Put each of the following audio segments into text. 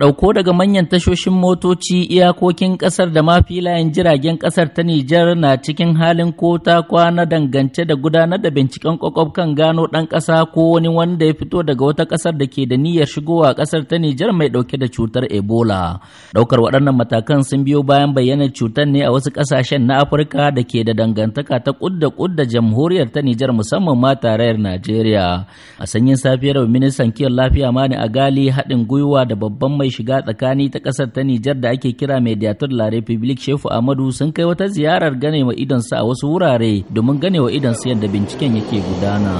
ɗauko daga manyan tashoshin motoci iyakokin ƙasar da ma filayen jiragen ƙasar ta Nijar na cikin halin ko ta kwana dangance da gudanar da binciken kwakwab kan gano ɗan ƙasa ko wani wanda ya fito daga wata ƙasar da ke da niyyar shigowa ƙasar ta Nijar mai ɗauke da cutar Ebola. Ɗaukar waɗannan matakan sun biyo bayan bayyana cutar ne a wasu ƙasashen na Afirka da ke da dangantaka ta ƙudda ƙudda jamhuriyar ta Nijar musamman ma tarayyar Najeriya. A sanyin safiyar ministan kiwon lafiya Mani Agali haɗin gwiwa da babban mai shiga tsakani ta kasar ta Nijar da ake kira Mediator La Republic Shehu Ahmadu sun kai wata ziyarar ganewa sa a wasu wurare domin ganewa idonsu yadda binciken yake gudana.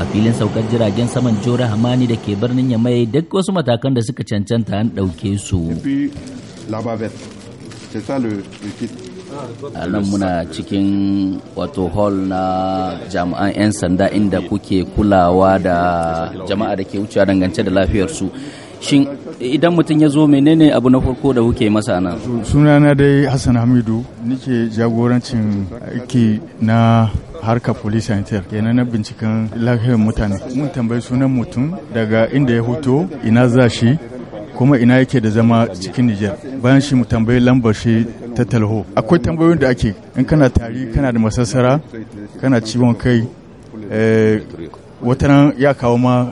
a filin saukar jiragen saman jora hamani da ke birnin yamai duk wasu matakan da suka cancanta an ɗauke su. a nan muna cikin wato hall na jami'an 'yan sanda inda kuke kulawa da jama'a da ke wucewa dangance da lafiyarsu shin idan mutum ya zo menene abu na farko da kuke masa nan sunana dai hassan hamidu nike jagorancin aiki na harka police center kenan na binciken lafiyar mutane mun tambayi sunan mutum daga inda ya hoto ina za shi kuma ina yake da zama cikin Nijar bayan shi mu tambayi lambar shi ta talho akwai tambayoyin da ake in kana tari kana da masassara kana ciwon kai eh, watanan ya kawo ma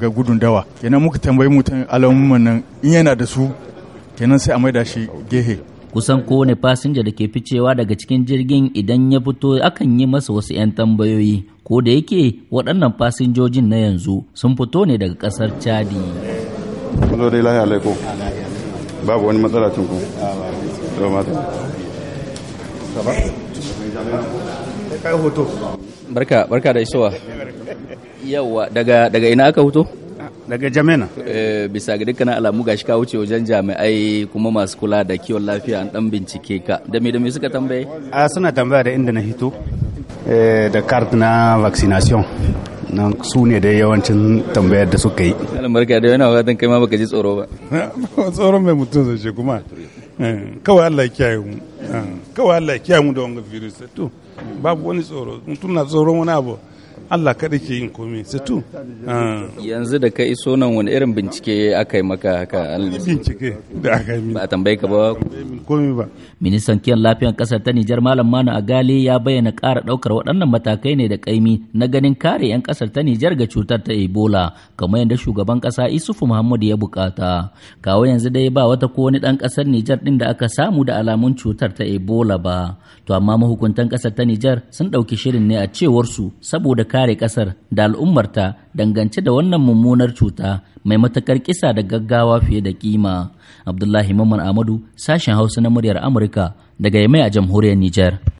ga gudun dawa kenan muka tambayi mutan alamun nan in yana da su kenan sai a maida shi gehe kusan kowane fasinja da ke ficewa daga cikin jirgin idan ya fito akan yi masa wasu 'yan tambayoyi ko da yake waɗannan fasinjojin na yanzu sun fito ne daga ƙasar chadi babu wani matsala tun ku barka barka da isowa yawa daga daga ina aka hoto daga jamena eh, bisa ga dukkan alamu gashi ka wuce wajen jami'ai kuma masu kula da kiwon lafiya an dan bincike ka da me da me suka tambaye a ah, suna tambaya da inda na hito eh, da card na vaccination nan su ne da yawancin tambayar da suka yi almarka da yana fatan kai ma baka ji tsoro ba tsoron mai mutum zai ce kuma eh, kawai Allah ya kiyaye mu eh, kawai Allah ya kiyaye mu da wanga virus to babu wani tsoro mutum na tsoron wani abu Allah ke yin komai ah. yanzu da ka iso nan wani irin bincike aka yi maka haka bincike da aka yi ba a tambaye ka ba komai ba ministan kiyan lafiyar kasar ta Nijar Malam Manu Agali ya bayyana ƙara ɗaukar waɗannan matakai ne da ƙaimi na ganin kare 'yan ƙasar ta Nijar ga cutar ta Ebola kamar yadda shugaban ƙasa Isufu Muhammadu ya bukata kawo yanzu dai ba wata ko wani ɗan ƙasar Nijar ɗin da aka samu da alamun cutar ta Ebola ba to amma mahukuntan ƙasar ta Nijar sun ɗauki shirin ne a cewar su saboda kare ƙasar da al'ummarta dangance da wannan mummunar cuta mai matakar kisa da gaggawa fiye da kima. Abdullahi Mamman Amadu, sashen Hausa na muryar Amurka daga Yamai a jamhuriyar Nijar.